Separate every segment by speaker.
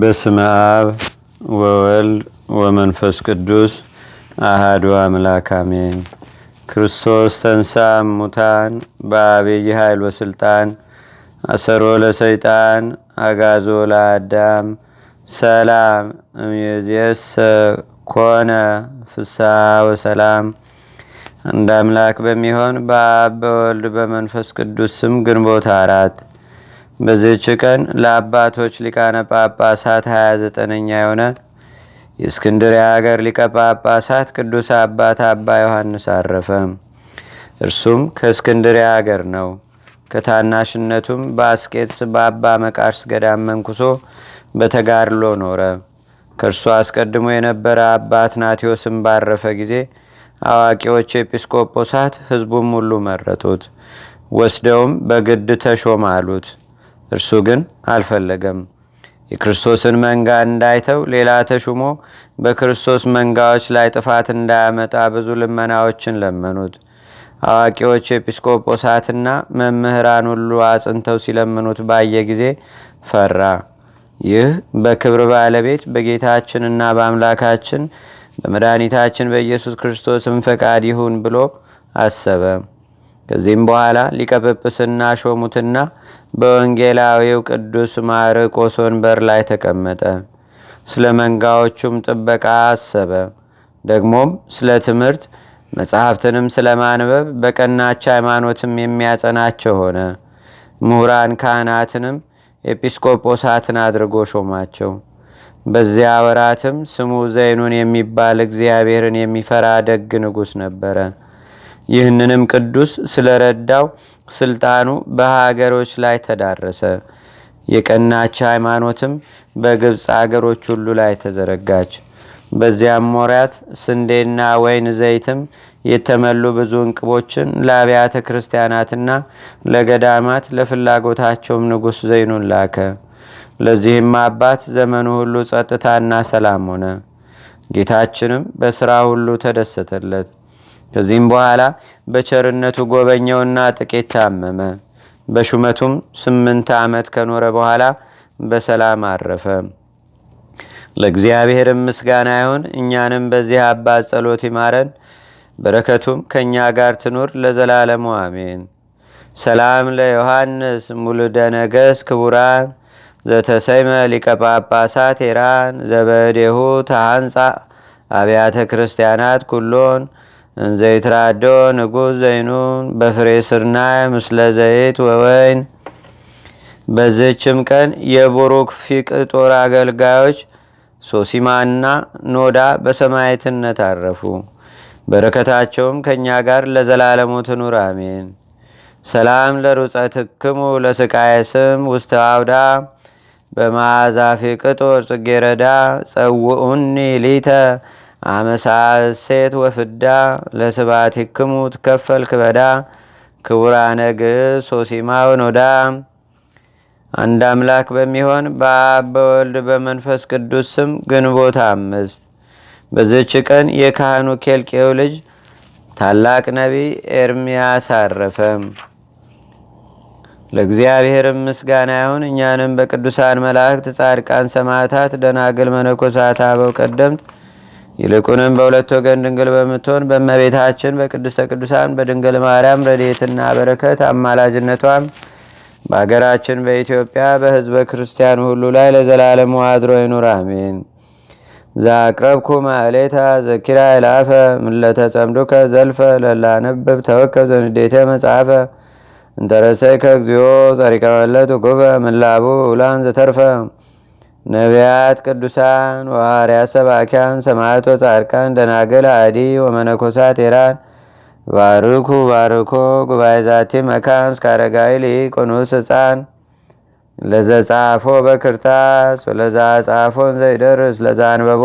Speaker 1: በስመ አብ ወወልድ ወመንፈስ ቅዱስ አህዱ አምላክ አሜን። ክርስቶስ ተንሳ ሙታን በአብይ ኃይል ወስልጣን አሰሮ ለሰይጣን አጋዞ ለአዳም ሰላም እምይእዜሰ ኮነ ፍስሐ ወሰላም። እንደ አምላክ በሚሆን በአብ በወልድ በመንፈስ ቅዱስ ስም ግንቦት አራት በዚህች ቀን ለአባቶች ሊቃነ ጳጳሳት 29ኛ የሆነ የእስክንድርያ አገር ሊቀ ጳጳሳት ቅዱስ አባት አባ ዮሐንስ አረፈ። እርሱም ከእስክንድርያ አገር ነው። ከታናሽነቱም በአስቄትስ በአባ መቃርስ ገዳም መንኩሶ በተጋድሎ ኖረ። ከእርሱ አስቀድሞ የነበረ አባት ናቴዎስም ባረፈ ጊዜ አዋቂዎች ኤጲስቆጶሳት ህዝቡም ሁሉ መረጡት። ወስደውም በግድ ተሾም አሉት። እርሱ ግን አልፈለገም። የክርስቶስን መንጋ እንዳይተው ሌላ ተሹሞ በክርስቶስ መንጋዎች ላይ ጥፋት እንዳያመጣ ብዙ ልመናዎችን ለመኑት። አዋቂዎች ኤጲስቆጶሳትና መምህራን ሁሉ አጽንተው ሲለምኑት ባየ ጊዜ ፈራ። ይህ በክብር ባለቤት በጌታችንና በአምላካችን በመድኃኒታችን በኢየሱስ ክርስቶስም ፈቃድ ይሁን ብሎ አሰበ። ከዚህም በኋላ ሊቀጵጵስና ሾሙትና በወንጌላዊው ቅዱስ ማርቆስ ወንበር ላይ ተቀመጠ። ስለ መንጋዎቹም ጥበቃ አሰበ። ደግሞም ስለ ትምህርት መጽሐፍትንም ስለ ማንበብ በቀናች ሃይማኖትም የሚያጸናቸው ሆነ። ምሁራን ካህናትንም ኤጲስቆጶሳትን አድርጎ ሾማቸው። በዚያ ወራትም ስሙ ዘይኑን የሚባል እግዚአብሔርን የሚፈራ ደግ ንጉሥ ነበረ። ይህንንም ቅዱስ ስለረዳው ስልጣኑ በሀገሮች ላይ ተዳረሰ። የቀናች ሃይማኖትም በግብፅ አገሮች ሁሉ ላይ ተዘረጋች። በዚያም ሞሪያት ስንዴና ወይን ዘይትም የተመሉ ብዙ እንቅቦችን ለአብያተ ክርስቲያናትና ለገዳማት ለፍላጎታቸውም ንጉሥ ዘይኑን ላከ። ለዚህም አባት ዘመኑ ሁሉ ጸጥታና ሰላም ሆነ። ጌታችንም በሥራ ሁሉ ተደሰተለት። ከዚህም በኋላ በቸርነቱ ጎበኘውና ጥቂት ታመመ። በሹመቱም ስምንት ዓመት ከኖረ በኋላ በሰላም አረፈ። ለእግዚአብሔር ምስጋና ይሁን። እኛንም በዚህ አባት ጸሎት ይማረን፣ በረከቱም ከእኛ ጋር ትኑር ለዘላለሙ አሜን። ሰላም ለዮሐንስ ሙሉደ ነገስ ክቡራን ዘተሰይመ ሊቀጳጳሳት ኢራን ዘበዴሁ ተሃንፃ አብያተ ክርስቲያናት ኩሎን እንዘይትራዶ ንጉሥ ዘይኑን በፍሬ ስርናይ ምስለ ዘይት ወወይን። በዝችም ቀን የቡሩክ ፊቅ ጦር አገልጋዮች ሶሲማና ኖዳ በሰማይትነት አረፉ። በረከታቸውም ከእኛ ጋር ለዘላለሙ ትኑር አሜን። ሰላም ትክሙ ለስቃየ ስም ውስተ አውዳ በማዛፊ ቅጦር ጽጌረዳ ጸውኡኒ ሊተ አመሳሴት ወፍዳ ክሙት ከፈል ክበዳ ክቡራነ ግዕዝ ሶሲማ ወኖዳ አንድ አምላክ በሚሆን በአብ በወልድ በመንፈስ ቅዱስ ስም ግንቦት አምስት በዝች ቀን የካህኑ ኬልቄው ልጅ ታላቅ ነቢይ ኤርሚያስ አረፈ። ለእግዚአብሔር ምስጋና ይሁን። እኛንም በቅዱሳን መላእክት፣ ጻድቃን፣ ሰማዕታት፣ ደናግል፣ መነኮሳት፣ አበው ቀደምት ይልቁንም በሁለት ወገን ድንግል በምትሆን በመቤታችን በቅድስተ ቅዱሳን በድንግል ማርያም ረድኤትና በረከት አማላጅነቷም በአገራችን በኢትዮጵያ በህዝበ ክርስቲያን ሁሉ ላይ ለዘላለሙ አድሮ ይኑር፣ አሜን። ዛቅረብኩ ማዕሌታ ዘኪራ ይላፈ ምለተ ጸምዱከ ዘልፈ ለላ ነብብ ተወከብ ዘንዴተ መጽሐፈ እንተረሰይ እግዚኦ ጸሪቀመለት ጉፈ ምላቡ ውላን ዘተርፈ ነቢያት፣ ቅዱሳን ዋርያ፣ ሰባኪያን፣ ሰማዕት ወጻድቃን፣ ደናገል አዲ ወመነኮሳት ቴራን ባርኩ ባርኮ ጉባኤ ዛቲ መካን እስካረጋዊ ሊቆኑስ ህፃን ለዘጻፎ በክርታስ ወለዛ ጻፎን ዘይደርስ ለዛ አንበቦ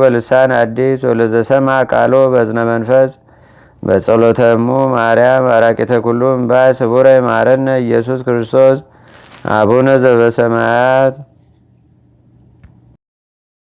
Speaker 1: በልሳን አዲስ ወለዘሰማ ቃሎ በዝነ መንፈስ በጸሎተሙ ማርያም አራቂተ ኩሉ እምባይ ስቡረ ኢየሱስ ክርስቶስ አቡነ ዘበሰማያት